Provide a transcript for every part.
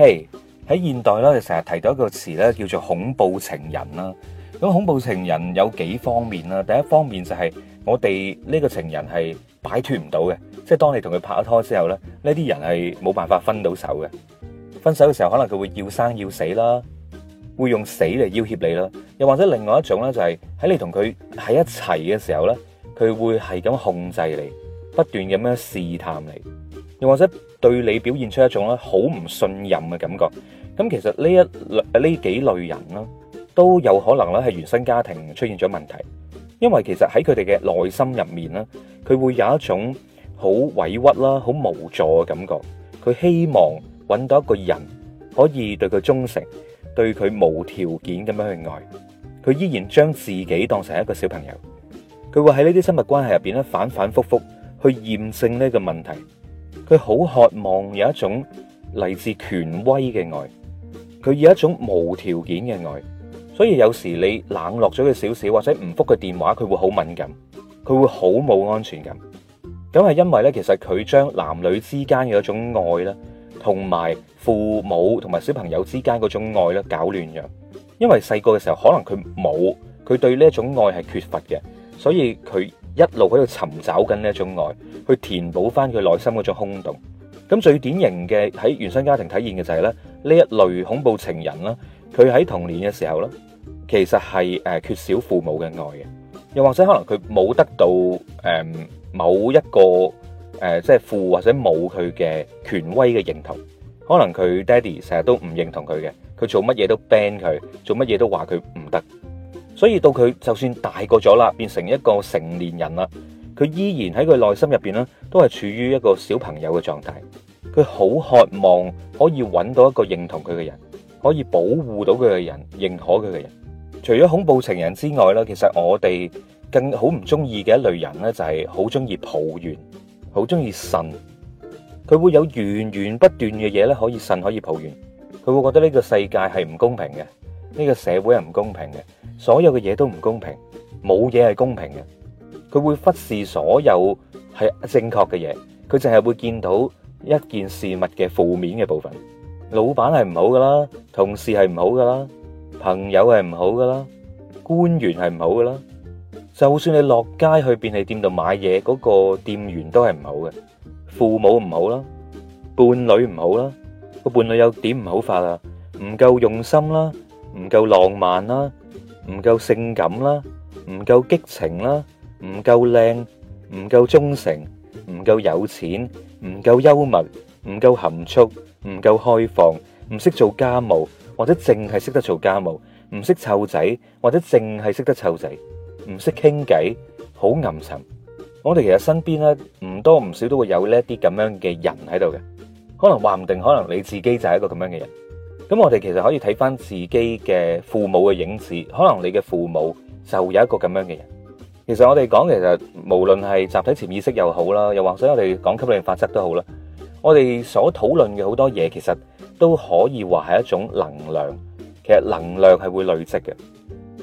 喺、hey, 現代啦，就成日提到一個詞咧，叫做恐怖情人啦。咁恐怖情人有幾方面啦？第一方面就係我哋呢個情人係擺脫唔到嘅，即係當你同佢拍咗拖之後咧，呢啲人係冇辦法分到手嘅。分手嘅時候，可能佢會要生要死啦，會用死嚟要挾你啦。又或者另外一種咧、就是，就係喺你同佢喺一齊嘅時候咧，佢會係咁控制你，不斷咁樣試探你。又或者對你表現出一種咧好唔信任嘅感覺，咁其實呢一類呢幾類人啦，都有可能咧係原生家庭出現咗問題，因為其實喺佢哋嘅內心入面咧，佢會有一種好委屈啦、好無助嘅感覺。佢希望揾到一個人可以對佢忠誠，對佢無條件咁樣去愛。佢依然將自己當成一個小朋友，佢會喺呢啲親密關係入邊咧，反反覆覆去驗證呢個問題。佢好渴望有一種嚟自權威嘅愛，佢要一種無條件嘅愛，所以有時你冷落咗佢少少或者唔覆佢電話，佢會好敏感，佢會好冇安全感。咁係因為呢，其實佢將男女之間嘅一種愛咧，同埋父母同埋小朋友之間嗰種愛咧，搞亂咗。因為細個嘅時候可能佢冇，佢對呢種愛係缺乏嘅，所以佢。一路喺度尋找緊呢一種愛，去填補翻佢內心嗰種空洞。咁最典型嘅喺原生家庭體驗嘅就係咧，呢一類恐怖情人啦，佢喺童年嘅時候咧，其實係誒缺少父母嘅愛嘅，又或者可能佢冇得到誒某一個誒即係父或者母佢嘅權威嘅認同，可能佢 daddy 成日都唔認同佢嘅，佢做乜嘢都 ban 佢，做乜嘢都話佢唔得。所以到佢就算大個咗啦，變成一個成年人啦，佢依然喺佢內心入邊咧，都係處於一個小朋友嘅狀態。佢好渴望可以揾到一個認同佢嘅人，可以保護到佢嘅人，認可佢嘅人。除咗恐怖情人之外咧，其實我哋更好唔中意嘅一類人咧，就係好中意抱怨，好中意呻。佢會有源源不斷嘅嘢咧，可以呻，可以抱怨。佢會覺得呢個世界係唔公平嘅。呢個社會係唔公平嘅，所有嘅嘢都唔公平，冇嘢係公平嘅。佢會忽視所有係正確嘅嘢，佢淨係會見到一件事物嘅負面嘅部分。老闆係唔好㗎啦，同事係唔好㗎啦，朋友係唔好㗎啦，官員係唔好㗎啦。就算你落街去便利店度買嘢，嗰個店員都係唔好嘅。父母唔好啦，伴侶唔好啦，個伴侶又點唔好法呀，唔夠用心啦。唔夠浪漫啦，唔夠性感啦，唔夠激情啦，唔夠靚，唔夠忠誠，唔夠有錢，唔夠幽默，唔夠含蓄，唔夠開放，唔識做家務或者淨係識得做家務，唔識湊仔或者淨係識得湊仔，唔識傾偈，好陰沉。我哋其實身邊咧唔多唔少都會有呢一啲咁樣嘅人喺度嘅，可能話唔定，可能你自己就係一個咁樣嘅人。咁我哋其實可以睇翻自己嘅父母嘅影子，可能你嘅父母就有一個咁樣嘅人。其實我哋講其實無論係集體潛意識又好啦，又或者我哋講吸引力法則都好啦，我哋所討論嘅好多嘢其實都可以話係一種能量。其實能量係會累積嘅，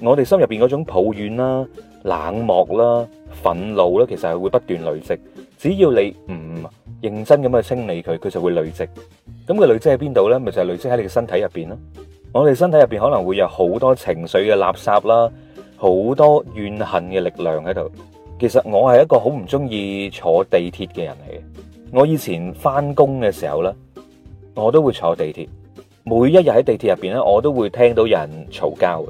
我哋心入邊嗰種抱怨啦、冷漠啦、憤怒啦，其實係會不斷累積。只要你唔認真咁去清理佢，佢就會累積。咁佢累積喺邊度呢？咪就係累積喺你嘅身體入邊咯。我哋身體入邊可能會有好多情緒嘅垃圾啦，好多怨恨嘅力量喺度。其實我係一個好唔中意坐地鐵嘅人嚟嘅。我以前返工嘅時候呢，我都會坐地鐵。每一日喺地鐵入邊呢，我都會聽到人嘈交，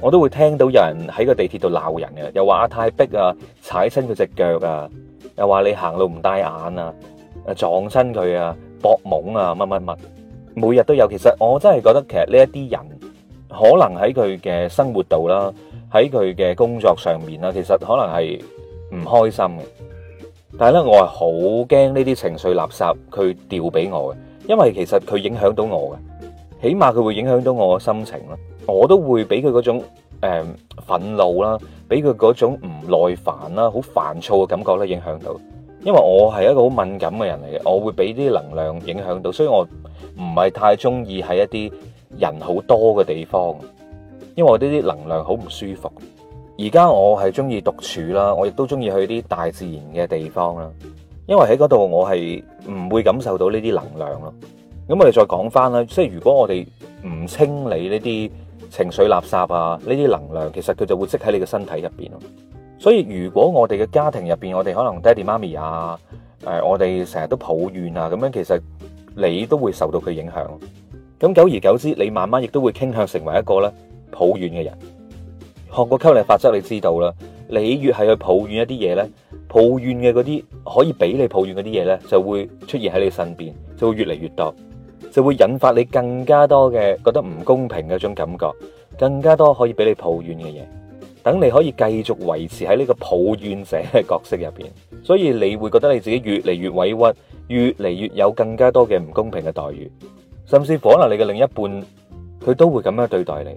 我都會聽到有人喺個地鐵度鬧人嘅，又話太逼啊，踩親佢隻腳啊，又話你行路唔帶眼啊。誒、撞親佢啊，搏懵啊，乜乜乜，每日都有。其實我真係覺得，其實呢一啲人可能喺佢嘅生活度啦，喺佢嘅工作上面啦，其實可能係唔開心嘅。但係咧，我係好驚呢啲情緒垃圾佢掉俾我嘅，因為其實佢影響到我嘅，起碼佢會影響到我嘅心情啦。我都會俾佢嗰種誒憤怒啦，俾佢嗰種唔耐煩啦，好煩躁嘅感覺咧，影響到。因為我係一個好敏感嘅人嚟嘅，我會俾啲能量影響到，所以我唔係太中意喺一啲人好多嘅地方，因為我呢啲能量好唔舒服。而家我係中意獨處啦，我亦都中意去啲大自然嘅地方啦，因為喺嗰度我係唔會感受到呢啲能量咯。咁我哋再講返啦，即係如果我哋唔清理呢啲情緒垃圾啊，呢啲能量，其實佢就會積喺你嘅身體入邊咯。所以如果我哋嘅家庭入邊，我哋可能爹哋媽咪啊，誒、呃，我哋成日都抱怨啊，咁樣其實你都會受到佢影響。咁久而久之，你慢慢亦都會傾向成為一個咧抱怨嘅人。學過吸引力法則，你知道啦，你越係去抱怨一啲嘢咧，抱怨嘅嗰啲可以俾你抱怨嗰啲嘢咧，就會出現喺你身邊，就會越嚟越多，就會引發你更加多嘅覺得唔公平嘅一種感覺，更加多可以俾你抱怨嘅嘢。等你可以繼續維持喺呢個抱怨者嘅角色入面，所以你會覺得你自己越嚟越委屈，越嚟越有更加多嘅唔公平嘅待遇，甚至可能你嘅另一半佢都會咁樣對待你。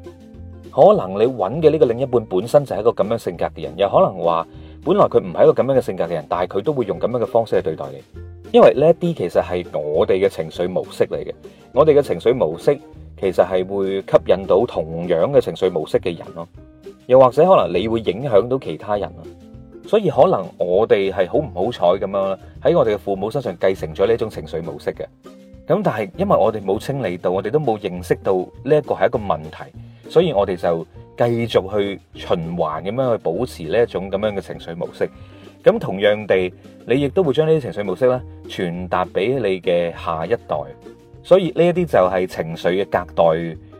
可能你揾嘅呢個另一半本身就係一個咁樣性格嘅人，又可能話本來佢唔係一個咁樣嘅性格嘅人，但係佢都會用咁樣嘅方式去對待你，因為呢一啲其實係我哋嘅情緒模式嚟嘅。我哋嘅情緒模式其實係會吸引到同樣嘅情緒模式嘅人咯。又或者可能你會影響到其他人啊，所以可能我哋係好唔好彩咁樣啦，喺我哋嘅父母身上繼承咗呢一種情緒模式嘅。咁但係因為我哋冇清理到，我哋都冇認識到呢一個係一個問題，所以我哋就繼續去循環咁樣去保持呢一種咁樣嘅情緒模式。咁同樣地，你亦都會將呢啲情緒模式咧傳達俾你嘅下一代。所以呢一啲就係情緒嘅隔代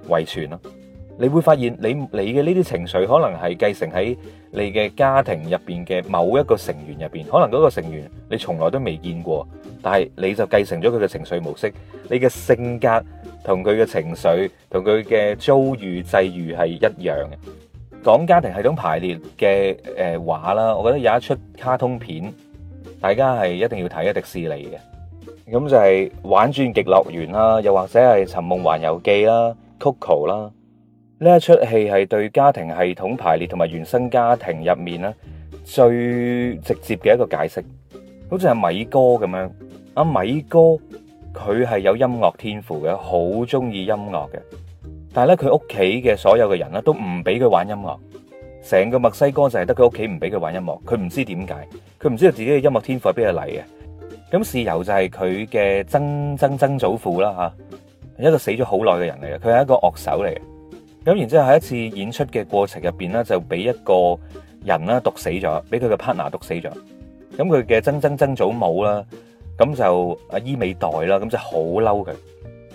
遺傳啦。你會發現你你嘅呢啲情緒可能係繼承喺你嘅家庭入邊嘅某一個成員入邊，可能嗰個成員你從來都未見過，但係你就繼承咗佢嘅情緒模式，你嘅性格同佢嘅情緒同佢嘅遭遇際遇係一樣嘅。講家庭系統排列嘅誒話啦，我覺得有一出卡通片大家係一定要睇嘅迪士尼嘅，咁就係《玩轉極樂園》啦，又或者係《尋夢環遊記》啦，《Coco》啦。呢一出戲係對家庭系統排列同埋原生家庭入面咧，最直接嘅一個解釋，好似係米哥咁樣，阿米哥佢係有音樂天賦嘅，好中意音樂嘅。但係咧，佢屋企嘅所有嘅人咧都唔俾佢玩音樂。成個墨西哥就係得佢屋企唔俾佢玩音樂。佢唔知點解，佢唔知道自己嘅音樂天賦係邊個嚟嘅。咁事由就係佢嘅曾曾曾祖父啦，吓，一個死咗好耐嘅人嚟嘅，佢係一個樂手嚟嘅。咁然之後喺一次演出嘅過程入邊咧，就俾一個人啦毒死咗，俾佢嘅 partner 毒死咗。咁佢嘅曾曾曾祖母啦，咁就阿伊美代啦，咁就好嬲佢，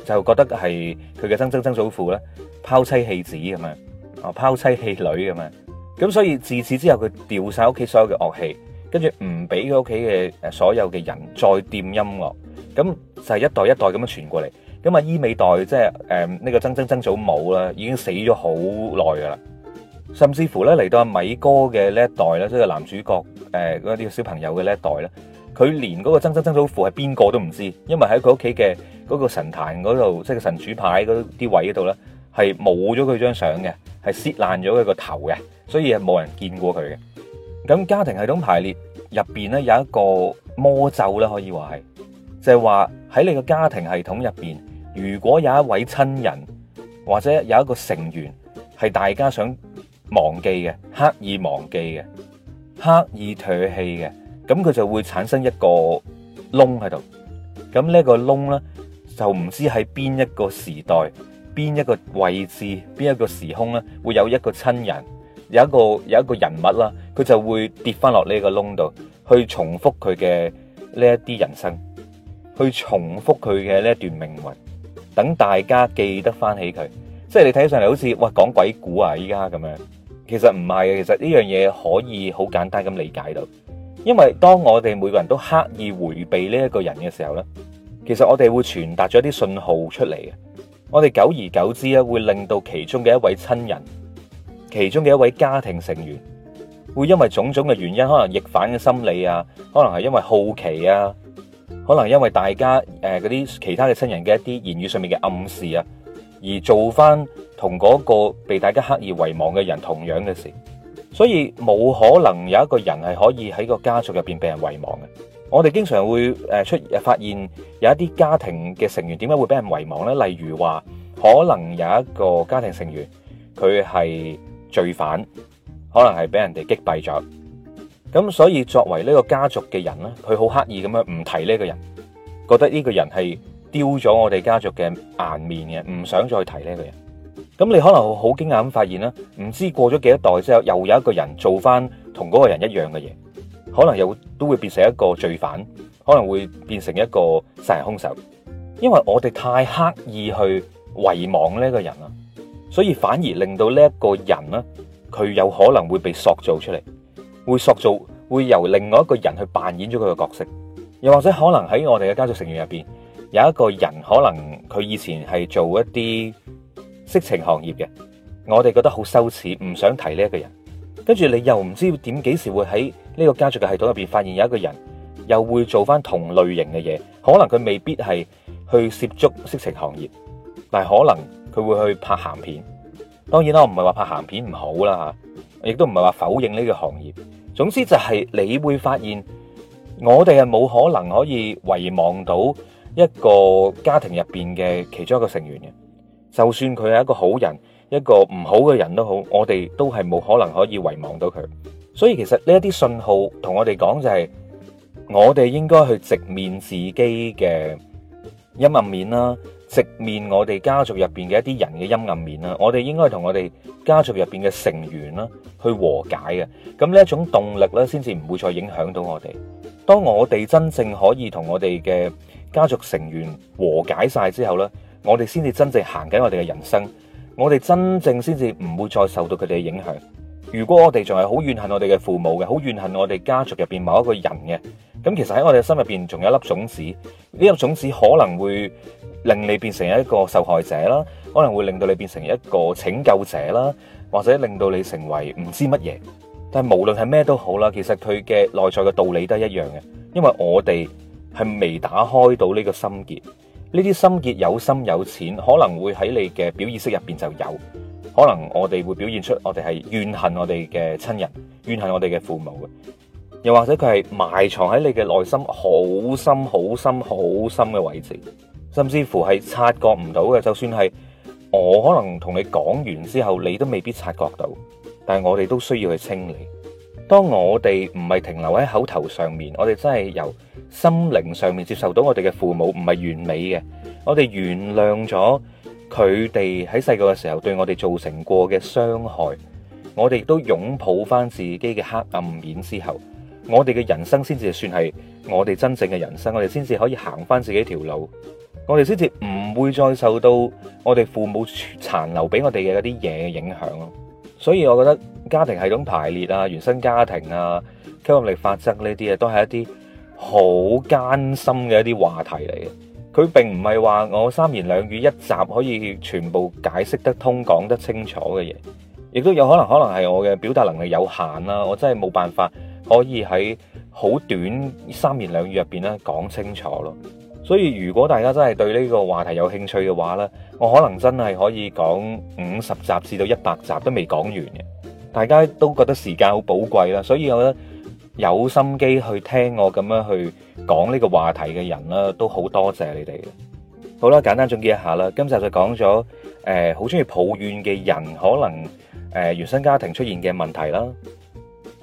就覺得係佢嘅曾曾曾祖父咧拋妻棄子咁樣，啊拋妻棄女咁樣。咁所以自此之後，佢掉曬屋企所有嘅樂器，跟住唔俾佢屋企嘅誒所有嘅人再掂音樂。咁就係一代一代咁樣傳過嚟。咁啊，伊美代即係誒呢個曾曾曾祖母啦，已經死咗好耐噶啦。甚至乎咧嚟到阿米哥嘅呢一代咧，即係男主角誒嗰啲小朋友嘅呢一代咧，佢連嗰個曾曾曾祖父係邊個都唔知，因為喺佢屋企嘅嗰個神壇嗰度，即係神主牌嗰啲位嗰度咧，係冇咗佢張相嘅，係撕爛咗佢個頭嘅，所以係冇人見過佢嘅。咁家庭系統排列入邊咧有一個魔咒咧，可以話係，就係話喺你個家庭系統入邊。如果有一位親人或者有一個成員係大家想忘記嘅、刻意忘記嘅、刻意唾棄嘅，咁佢就會產生一個窿喺度。咁呢一個窿呢，就唔知喺邊一個時代、邊一個位置、邊一個時空呢，會有一個親人、有一個有一個人物啦，佢就會跌翻落呢個窿度，去重複佢嘅呢一啲人生，去重複佢嘅呢一段命運。等大家記得翻起佢，即係你睇起上嚟好似哇講鬼故啊，依家咁樣，其實唔係嘅，其實呢樣嘢可以好簡單咁理解到，因為當我哋每個人都刻意迴避呢一個人嘅時候咧，其實我哋會傳達咗一啲信號出嚟嘅，我哋久而久之咧會令到其中嘅一位親人、其中嘅一位家庭成員，會因為種種嘅原因，可能逆反嘅心理啊，可能係因為好奇啊。可能因為大家誒，嗰啲其他嘅親人嘅一啲言語上面嘅暗示啊，而做翻同嗰個被大家刻意遺忘嘅人同樣嘅事，所以冇可能有一個人係可以喺個家族入邊被人遺忘嘅。我哋經常會誒出發現有一啲家庭嘅成員點解會俾人遺忘呢？例如話，可能有一個家庭成員佢係罪犯，可能係俾人哋擊斃咗。咁所以作為呢個家族嘅人呢，佢好刻意咁樣唔提呢個人，覺得呢個人係丟咗我哋家族嘅顏面嘅，唔想再去提呢個人。咁你可能好驚訝咁發現啦，唔知過咗幾多代之後，又有一個人做翻同嗰個人一樣嘅嘢，可能又都會變成一個罪犯，可能會變成一個殺人凶手。因為我哋太刻意去遺忘呢個人啦，所以反而令到呢一個人呢，佢有可能會被塑造出嚟。會塑造，會由另外一個人去扮演咗佢嘅角色，又或者可能喺我哋嘅家族成員入邊有一個人，可能佢以前係做一啲色情行業嘅。我哋覺得好羞恥，唔想提呢一個人。跟住你又唔知點幾時會喺呢個家族嘅系統入邊發現有一個人又會做返同類型嘅嘢。可能佢未必係去涉足色情行業，但係可能佢會去拍鹹片。當然啦，我唔係話拍鹹片唔好啦吓，亦都唔係話否認呢個行業。總之就係，你會發現，我哋係冇可能可以遺忘到一個家庭入面嘅其中一個成員嘅，就算佢係一個好人，一個唔好嘅人都好，我哋都係冇可能可以遺忘到佢。所以其實呢一啲信號同我哋講就係，我哋應該去直面自己嘅陰暗面啦，直面我哋家族入邊嘅一啲人嘅陰暗面啦，我哋應該同我哋家族入邊嘅成員啦去和解嘅，咁呢一種動力呢，先至唔會再影響到我哋。當我哋真正可以同我哋嘅家族成員和解晒之後呢，我哋先至真正行緊我哋嘅人生，我哋真正先至唔會再受到佢哋嘅影響。如果我哋仲係好怨恨我哋嘅父母嘅，好怨恨我哋家族入邊某一個人嘅。咁其實喺我哋嘅心入面仲有一粒種子，呢粒種子可能會令你變成一個受害者啦，可能會令到你變成一個拯救者啦，或者令到你成為唔知乜嘢。但係無論係咩都好啦，其實佢嘅內在嘅道理都一樣嘅，因為我哋係未打開到呢個心結，呢啲心結有深有淺，可能會喺你嘅表意識入面就有，可能我哋會表現出我哋係怨恨我哋嘅親人，怨恨我哋嘅父母嘅。又或者佢係埋藏喺你嘅內心好深好深好深嘅位置，甚至乎係察覺唔到嘅。就算係我可能同你講完之後，你都未必察覺到。但係我哋都需要去清理。當我哋唔係停留喺口頭上面，我哋真係由心靈上面接受到我哋嘅父母唔係完美嘅。我哋原諒咗佢哋喺細個嘅時候對我哋造成過嘅傷害，我哋亦都擁抱翻自己嘅黑暗面之後。我哋嘅人生先至算係我哋真正嘅人生，我哋先至可以行翻自己條路，我哋先至唔會再受到我哋父母殘留俾我哋嘅啲嘢嘅影響咯。所以我覺得家庭系統排列啊、原生家庭啊、吸引力法則呢啲啊，都係一啲好艱辛嘅一啲話題嚟嘅。佢並唔係話我三言兩語一集可以全部解釋得通，講得清楚嘅嘢，亦都有可能，可能係我嘅表達能力有限啦，我真係冇辦法。可以喺好短三言兩語入邊咧講清楚咯，所以如果大家真係對呢個話題有興趣嘅話呢，我可能真係可以講五十集至到一百集都未講完嘅，大家都覺得時間好寶貴啦，所以我覺得有心機去聽我咁樣去講呢個話題嘅人咧，都好多謝你哋。好啦，簡單總結一下啦，今集就講咗誒，好中意抱怨嘅人可能誒、呃、原生家庭出現嘅問題啦。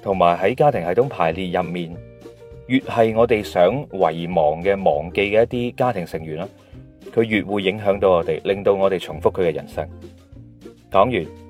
同埋喺家庭系統排列入面，越係我哋想遺忘嘅、忘記嘅一啲家庭成員啦，佢越會影響到我哋，令到我哋重複佢嘅人生。講完。